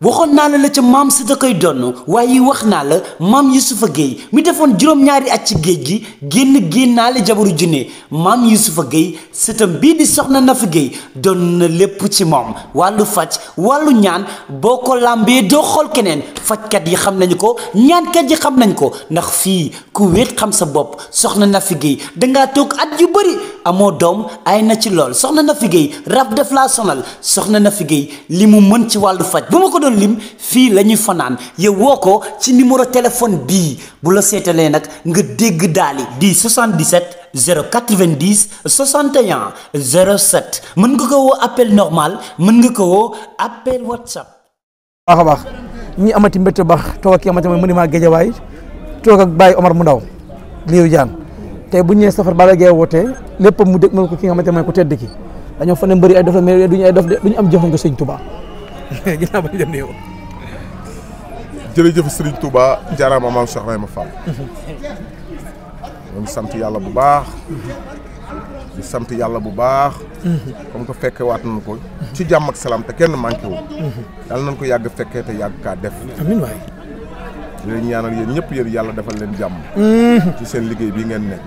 waxoon naa la la ca maam si da koy donn waaye wax naa la maam yusufa géey mi defoon juróom-ñaari at ci géej gi génn génnaale jabaru junne maam yusufa géey sëtam bii di soxna Nafi géey doon na lépp ci moom wàllu faj wàllu ñaan boo ko làmbee doo xool keneen fajkat yi xam nañu ko ñaankat yi xam nañ ko ndax fii ku wéet xam sa bopp soxna Nafi géey dangaa toog at yu bari amoo doom ay na ci lool soxna na fi géey rab def laa sonal soxna na fi géey li mu mën ci wàllu faj bu ma ko doon lim fii la ñuy fanaan yow woo ko ci numéro téléphone bii bu la seetalee nag nga dégg daali di 77 090 61 07 mën nga ko appel normal mën nga ko woo appel whatsapp baax a baax ñi amati mbétte ba toog ak ki amati mooy mënumaa géejawaay toog ak Baye Omar mu ndaw liiw jaan te bu ñëwee safar Balla Gaye wootee lépp mu dëgmal ko ki nga xamante mooy ko tedd ki dañoo fa ne mbëri ay dof la mais duñu ay dof duñu am jëfan ko sëñ Touba ginnaaw ba dem yow jërëjëf sëriñ Touba jaaraama maam Cheikh Ibrahima Fall ñu sant yàlla bu baax di sant yàlla bu baax comme que fekke waat nañ ko ci jàmm ak salaam te kenn manqué wu yàlla nañ ko yàgg fekkee te yàgg kaa def di ñaanal yéen ñëpp yéen yàlla defal leen jàmm. Mm-hmm. seen liggéey bi ngeen nekk.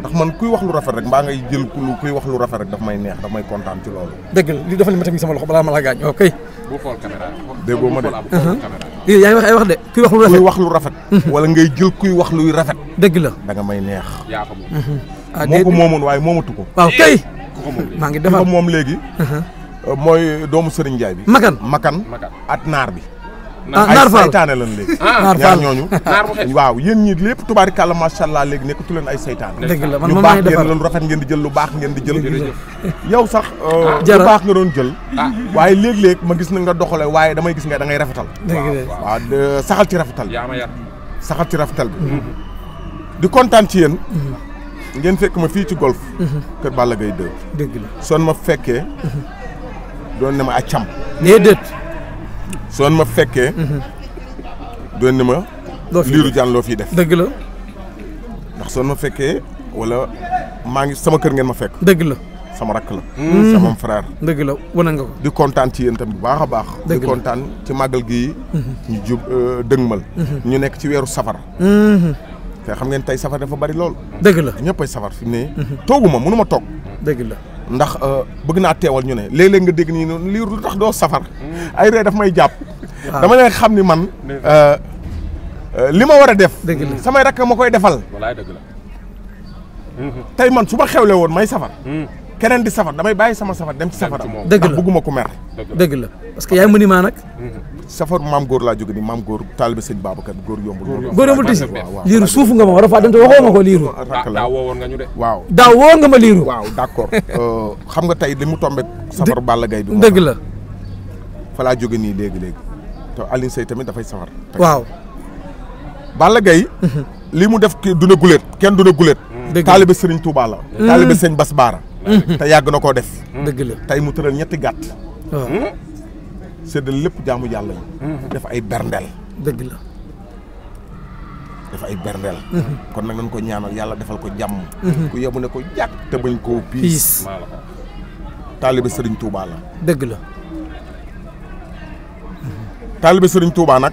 ndax man kuy wax lu rafet rek mbaa ngay jël ku kuy wax lu rafet rek daf may neex daf may kontaan ci loolu. dëgg la li dafa li ma sama loxo balaa ma la gaañ ok. xool caméra déggoo ma de. Uh-huh. lii yaa ngi wax ay wax de. kuy wax lu rafet kuy wax lu rafet. Mm-hmm. wala ngay jël kuy wax luy rafet. dëgg la danga may neex. yaa ko moom. Mm-hmm. Ah, moo ko moomoon waaye moomatu ko. waaw kay. maa ngi defar moom léegi. Uh-huh. mooy doomu Serigne Ndiaye bi. Makan Makan. at naar bi. Ah, naar faal saytaane lan léegi naar ah. ñooñu waaw yéen ñi lépp tubaarikàlla macha allah léegi nekkatu leen ay saytaane dëgg la man baax ngeen doon rafet di jël lu baax ngeen di jël yow sax euh, ah, lu baax nga doon jël waaye léeg-léeg ma gis na nga doxale waaye damay gis nga dangay ngay rafetal waaw saxal ci rafetal saxal ci rafetal bi mm-hmm. di kontaan ci yéen mm-hmm. ngeen fekk ma fii ci golf mm-hmm. kër Balla Gaye 2 dëgg son ma fekkee doon ne ma accam déedéet soon ma fekkee. Mhm. doon na ma. liiru jaan loo fiy def dëgg la. ndax soon ma fekkee walla maa ngi sama kër ngeen ma fekk. dëgg la. sama rakk la. Mhm. sama frère. dëgg la wane nga di kontaan ci yéen bu baax a baax. di ci màggal gi mhm. ñu jub euh, dëgmal. ñu nekk ci weeru safar. te xam ngeen tey safar dafa bari lool. dëgg la ñëppay safar fi mu ne. toogu ma mënu ma toog. dëgg la. ndax euh, bëgg naa teewal ñu ne léeg-léeg nga dégg nii noonu lu tax doo safar. Mm. ay ree daf may jàpp. dama ne xam ni man. Euh, euh, li ma war a def. samay rakk ma koy defal. walaay dëgg la. Mm-hmm. tey man su ma xewle woon may safar. Mm. keneen di safar damay bàyyi sama safar dem ci safar. dëgg la ndax bëgguma ko mer. dëgg la parce que yaay mëni maa nag. Mm-hmm. safar maam góor laa jóge ni maam góor taalibe sëñ Babacar góor yombul góor yombul tisi liiru suufu nga ma war a faa dem te waxoo ma ko liiru daaw woowoon nga ñu de waaw daaw woowoon nga ma liiru waaw d'accord euh, xam nga tey li mu tombe safar Balla Gaye bi dëgg la fa jóge nii léegi-léegi tamit dafay safar waaw mhm. mu def duna guléet kenn duna guléet mhm. taalibe sëriñ Touba la mhm. taalibe sëñ Bas Baara te yàgg na koo def dëgg tey mu tëral ñetti gàtt séddale lépp jaamu yàlla yi. Mhm. def ay berndeel. dëgg la. def ay berndeel. Mhm. kon nag nañ ko ñaanal yàlla defal ko jàmm. Mhm. ku yebu ne ko jàkk te bañ koo piis. taalibe sëriñ tuubaa la. dëgg la. taalibe sëriñ Touba nag.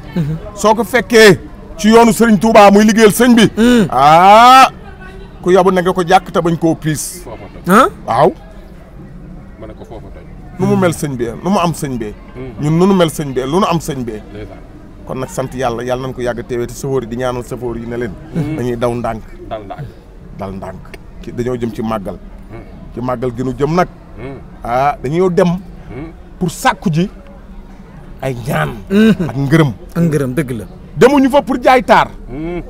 soo ko fekkee ci yoonu sëriñ tuubaa muy liggéeyal sëñ bi. ah ku yebu ne nga ko jàkk te bañ koo piis. waaw. nu mu mel sëñ bee nu mu am sëñ bee hmm. ñun nu nu mel sëñ bee lu nu am sëñ bee kon nag sant yàlla yàlla nañ ko yàgg a teewee te safoor yi di ñaanal safoor yi ne leen hmm. dañuy daw ndànk dal ndànk dal ndànk dañoo jëm ci màggal hmm. ci màggal gi nu jëm nag ah dañoo dem pour sàkku ji ay ñaan ak ngërëm ak ngërëm dëgg la demuñu fa pour jaay taar mhm.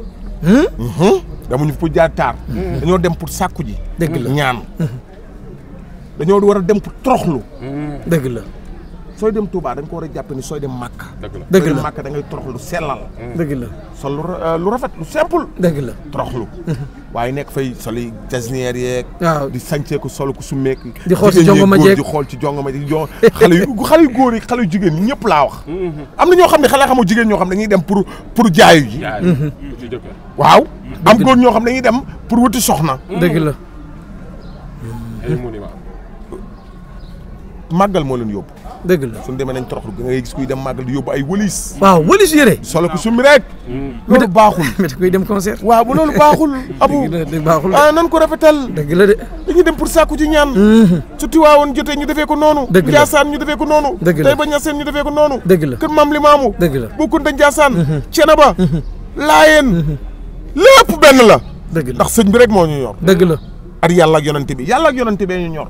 demuñu fa pour jaay taar dañoo dem pour sàkku ji dëgg ñaan dañoo war a dem pour toroxlu. Hmm. dëgg la. sooy dem Touba da nga ko war a jàpp ni sooy dem Màkka. dëgg la Màkka da ngay toroxlu sellal. Hmm. dëgg la sol euh, lu rafet lu simple. dëgg la toroxlu. waaye nekk fay sol yi jasneer yeeg. waaw di sànceeku sol ku summeek. di xool ci jongoma jeeg di xool ci jongoma di jo xale yu xale yu góor yi xale yu jigéen ñi ñëpp laa wax. Hmm. am na ñoo xam ne xale xamu jigéen ñoo xam dañuy dem pour pour jaayu ji. waaw. am góor ñoo xam dañuy dem pour wuti soxna. dëgg la. màggal moo leen yóbbu. dëgg la suñu demee nañ toroxlu nga gis kuy dem màggal di yóbbu ay wëlis. waaw wëlis yére. solo ko summi rek. Mm. loolu baaxul mais kuy dem concert. waa bu loolu baaxul. abu ah nan ko rafetal. dëgg la de. dañuy dem pour sàkku ci ñaan. Mm-hmm. su tiwaawoon jotee ñu defee ko noonu. dëgg la Ndiassane ñu defee ko noonu. dëgg la tey ba ñu defee ko noonu. dëgg la kër maam li maamu. dëgg la Bokkunta Ndiassane. Mm-hmm. Cenaba. Mm-hmm. Laayeen. lépp benn la. dëgg la ndax sëñ bi rek moo ñu yor. dëgg la ak yàlla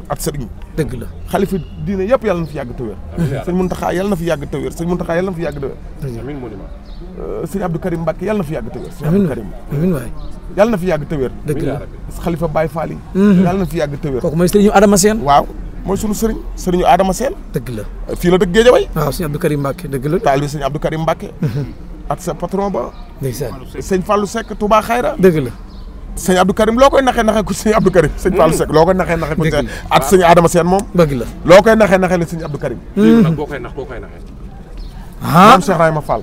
ak dëgg la xalifa diine yëpp yàlla na fi yàgg tawér sëñ Muntaxa yàlla na fi yàgg tawér sëñ Muntaxa yàlla na fi yàgg tawér amiin moo di ma euh, sëñ Abdou Karim Mbacke yàlla na fi yàgg tawér sëñ Abdou Karim amiin waay yàlla na fi yàgg tawér dëgg la xalifa Baye Fall yi mhm. yàlla na fi yàgg tawér kooku mooy sëriñu Adama Seen waaw mooy sunu sëriñ sëriñu Adama Seen dëgg la fii la dëgg Géejawaay Karim Mbacke dëgg mhm. sa patron ba ndeysaan sëñ Fallou Seck Touba dëgg la sëñ Abdou Karim loo koy naxee naxee ko sëñ Abdou Karim sëñ Fallou Seck mm. loo koy naxee naxee ko sëñ at sëñ Seen moom dëgg la loo koy naxee naxee la sëñ Abdou mm. boo koy nax boo koy naxee ah. Ah. maam Cheikh Rahima Fall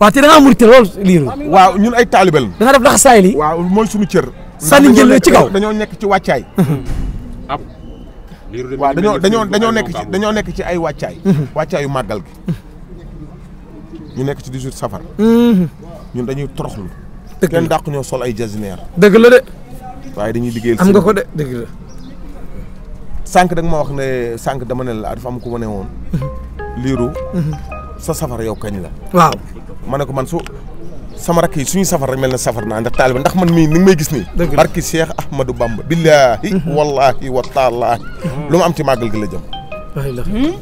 waaw te da ngaa murite loolu liiru waaw ñun ay taalibe la da nga def laxasaay li waaw mooy suñu cër sànni njël ci kaw dañoo nekk ci wàccaay mm-hmm. dañoo dañoo dañoo nekk ci dañoo nekk ci ay wàccaay mm-hmm. wàccaayu màggal gi ñu nekk ci 18 safar mm-hmm. ñun dañuy toroxlu dëgg la ñoo sol ay jasineer. dëgg la de. waaye dañuy liggéeyal am nga ko de dëgg la. sànq da ma wax ne sànq dama ne la dafa am ku ma ne woon. Mhm. liiru. Mhm. sa safar yow kañ la. waaw ma ne ko man su sama rakk yi suñu safar rek mel na safar naa ndax taaliba ndax man mii ni nga may gis nii. dëgg la barki Cheikh Ahmadou Bamba. billaahi mhm. wallaahi wa lu ma am ci màggal gi la jëm. waay hmm?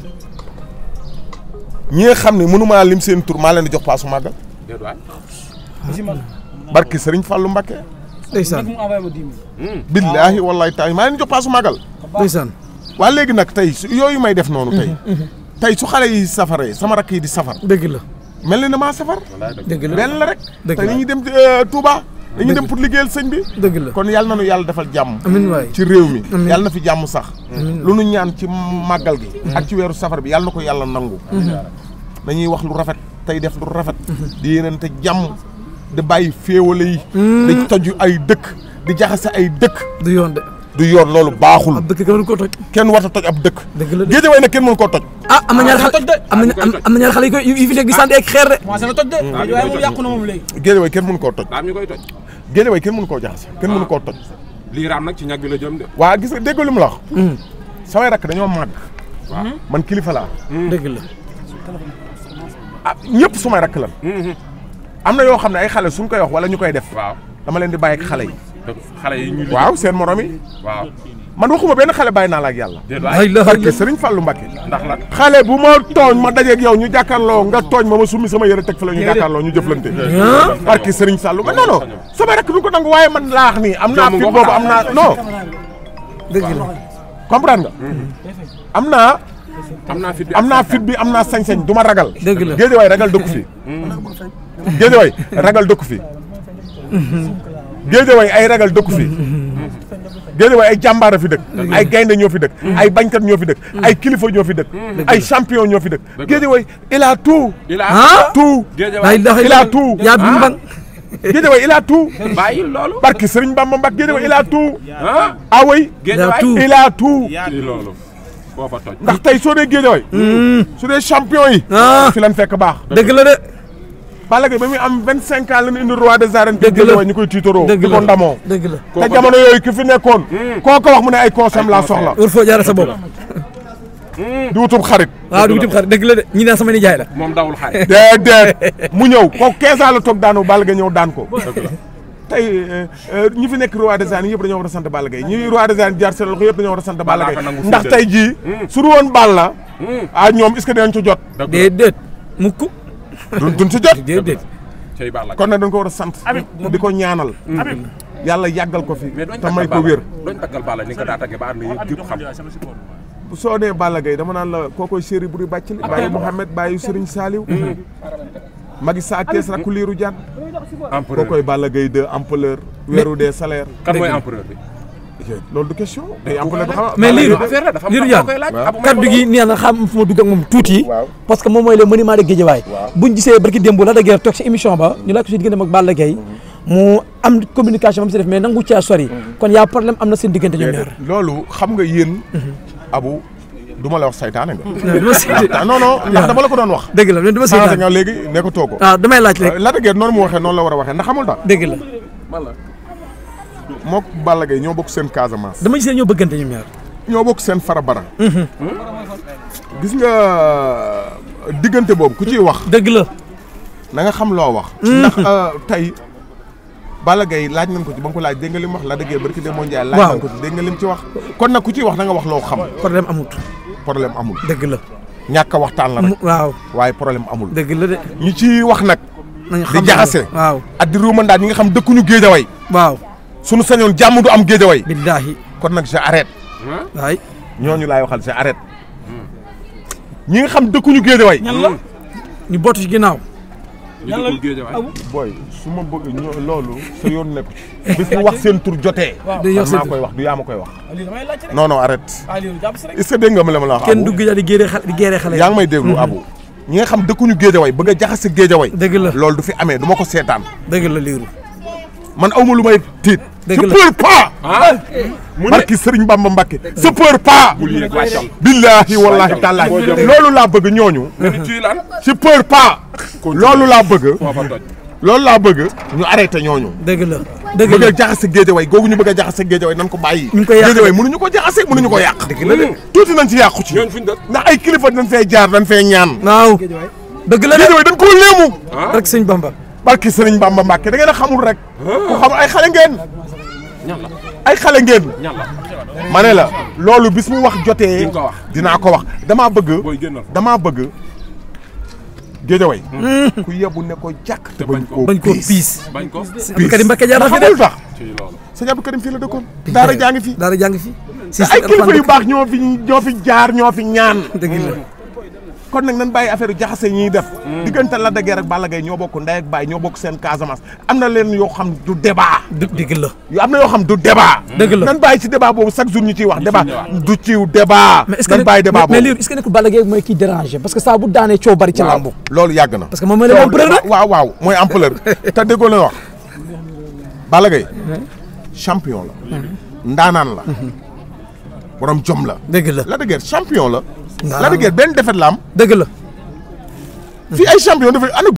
ñi nga xam ne mënumaa lim seen tur maa leen di jox paasu màggal. barki Serigne Fallou Mbacké. ndeysaan billaahi wallaahi taay maa leen jox paasu màggal. ndeysaan. waa léegi nag tey yooyu may def noonu. tey mm-hmm, mm-hmm. tey su xale yi safaree sama rakk yi di safar. dëgg la mel ni damaa safar. dëgg la benn la rek. dëgg la te ñu dem euh, Touba. dañuy dem pour liggéeyal sëñ bi. dëgg la kon yàlla na nu yàlla defal jàmm. amiin waay ci réew mi. yàlla na fi jàmm sax. lu nu ñaan ci màggal gi. Mm-hmm. ak ci weeru safar bi yàlla na ko yàlla nangu. dañuy wax lu rafet tey def lu rafet. di yéenante jàmm. di bàyyi féewale yi. Hmm. di toj ay dëkk di jaxase ay dëkk. du yoon de. du yoon loolu baaxul. ab dëkk kenn ko toj. kenn warta toj ab dëkk. dëgg la de géej waaye nag kenn mënu koo toj. ah am na ñaar ah, xale am na ah, am na ñaar xale yu koy yu fi nekk di ah. sant ak xeer de. commencé toj de. géej waaye kenn mënu koo koo jaxase. kenn mënu koo toj. lii raam nag ci ñag bi la jëm de. waa gis nga déggoo li mu la wax. Hmm. samay rakk dañoo màgg. waaw man kilifa laa. Hmm. dëgg la. ah ñëpp sumay rakk lan am na yoo xam ne ay xale suñ koy wax wala ñu koy def. waaw dama leen di bàyyi ak xale yi. xale yi ñuy waaw seen morom yi. waaw man waxuma benn xale bàyyi naa la ak yàlla. déedéet barke Serigne Fallou ndax la xale bu ma tooñ ma dajeeg yow ñu jàkkaarloo nga tooñ ma ma summi sama yëre teg fa la ñu jàkkaarloo ñu jëflante. barke Serigne Fallou non non sama rek du ko nangu waaye man laax nii am naa. fit boobu am naa non. dëgg la comprendre nga. Mm-hmm. am naa. am naa fit bi am naa sañ-sañ du ma ragal. dëgg la géej waay ragal dëkk fi mm. géejawaay ragal dëkku fi géejawaay ay ragal dëkku fi géejawaay ay jàmbaara fi dëkk ay gaynde ñoo fi dëkk ay bañkat ñoo fi dëkk ay kilifa ñoo fi dëkk ay champion ñoo fi dëkk géejawaay il a tout il a a tout yaa bi mbang géejawaay il a tout bàyyi loolu barki Sëriñ Bamba Mbak géejawaay il a tout away il a tout tey soo dee géejawaay su dee champion yi fi lan fekk Balla Gaye ba muy am vingt cinq ans la ñu indi roi des arènes dëgg ñu koy tiitaroo di ko ndamoo dëgg la te jamono yooyu ki fi nekkoon hmm. koo ko wax mu ne ay conseil laa soxla war foo jaara sa bopp hmm. di wutub xarit waaw ah, di wutub xarit dëgg la de ñi naan sama nijaay la moom dawul xarit déedéet mu ñëw kooku quinze ans la toog daanu Balla Gaye ñëw daan ko tey euh, ñi fi nekk roi des arènes yëpp dañoo war a sant Balla Gaye ñi roi des arènes jaar seen loxo yëpp dañoo war a sant Balla Gaye ndax tey jii hmm. su woon Balla ah ñoom est-ce que dinañ ci jot déedéet mukk duñ si jot déedéet kon na dañ ko war a sant di ko ñaanal mm. yàlla yàggal ko fi te may ko wér doñ taggal Balla ni nga daa tagge ba ànd yëpp yëpp xam soo nee Balla Gaye dama naan la kookoy chéri buri bàcc li bàyyi Mouhamed bàyyi Serigne Saliou mm. Mm. magi saa kees rakku liiru jaan kookoy Balla Gaye de empereur weeru des salaires kan mooy empereur bi loolu du question. day am problème mais liiru liiru yaan kaddu gi nee na xam fu ma dugg moom tuuti. parce que moom mooy le monument de Guédiawaye. buñ gisee barki démb la da guerre toog si émission ba. Mm-hmm. am communication ba mu mm-hmm. na seen diggante ñoom ñaar. loolu mm-hmm. ma la wax saytaane nga. non ah, non ndax ah. dama la ko doon wax. dëgg la du ma saytaane nga léegi nekkatoo la da guerre noonu mu waxee war a waxee ndax xamul dëgg la mook Balla Gaye ñoo bokk seen Casamance. dama gis ne ñoo bëggante ñoom ñaar. ñoo bokk seen fara bara mhm. gis nga euh, diggante boobu ku ciy wax. dëgg la. na nga xam loo wax. Mhm. ndax euh, tey Balla Gaye laaj nañ ko ci ba ko laaj dégg nga lim wax la dëggee barki de mondial. laaj nañ ko ci dégg nga lim ci wax. kon nag ku ciy wax na nga wax loo xam. problème amut. problème amul. dëgg la. ñàkk waxtaan la rek. waaw waaye problème amul. dëgg la de. ñu ciy wax nag. di jaxase. waaw ak di ruumandaat ñi nga xam dëkkuñu géejaway. waaw. suñu sañoon jàmm du am géejawaay. billaahi kon nag je arrête. waay ñooñu laay waxal je arrête. ñi nga xam dëkkuñu géejawaay. ñan la ñu bootu ci ginnaaw. ñan la booy su ma bëgg ñoo loolu sa yoon nekku ci. bis mu wax seen tur jotee. waaw wax du yaa ma koy wax. non non arrête. est ce que dégg nga ma ma la wax. kenn dugg yaa ngi may déglu abu. Mhm. ñi nga xam dëkkuñu géejawaay bëgg a jaxase géejawaay. dëgg la loolu du fi amee du ma ko seetaan. dëgg la liiru man awma lu may tiit. dëgg la je peur pas. Ah. mu ne barki Serigne Bamba Mbacke je peur pas. billahi wallahi taalaay loolu laa bëgg ñooñu. je peur pas. loolu laa bëgg. loolu laa bëgg ñu arrêté ñooñu. dëgg la dëgg la bëgg a jaxase géejawaay googu ñu bëgg a jaxase géejawaay nan ko bàyyi. ñu ngi koy yàq ko jaxase mënuñu ko yàq. dëgg la mm. tuuti nañ ci yàqu ci. ndax ay kilifa dañ fee jaar dañ fee ñaan. waaw dëgg la géejawaay dañ ko léemu. Ah. rek sëñ Bamba. barki sëriñ Bamba Mbàkke da ngeen a xamul rek. ku ay xale ngeen. ay xale ngeen. ma ne la loolu bis mu wax jotee. dinaa ko wax damaa bëgg. damaa bëgg. géejaway. Hmm. ku yebu ne ko jàkk. te bañ koo piis bañ koo piis. piis Karim Mbakke jaar na fi de ndax sëñ Abdou Karim fii la dëkkoon. daara jàngi fi daara jàngi fi. ay kilifa yu baax ñoo fi fi jaar ñoo fi ñaan. dëgg kon nag nan bàyyi affaire yu jaxase ñuy def mm. diggante Lac de Guiers ak Balla ñoo bokk ndey ak baay ñoo bokk seen Casamance am na leen yoo xam du débat dëgg la yu am na yoo xam du débat mm. dëgg la nan bàyyi ci débat boobu chaque jour ñu ciy wax débat du ciw débat nan bàyyi débat boobu mais est-ce que nekkul mooy kii dérangé parce que saa bu daanee coow bari ci loolu yàgg na parce que mooy l'ampleur rek waaw la wax Balla champion la ndaanaan la mhm. borom jom la dëgg la Lac la Lac de Guiers benn defet la am. dëgg la. fii ay champion dafa ana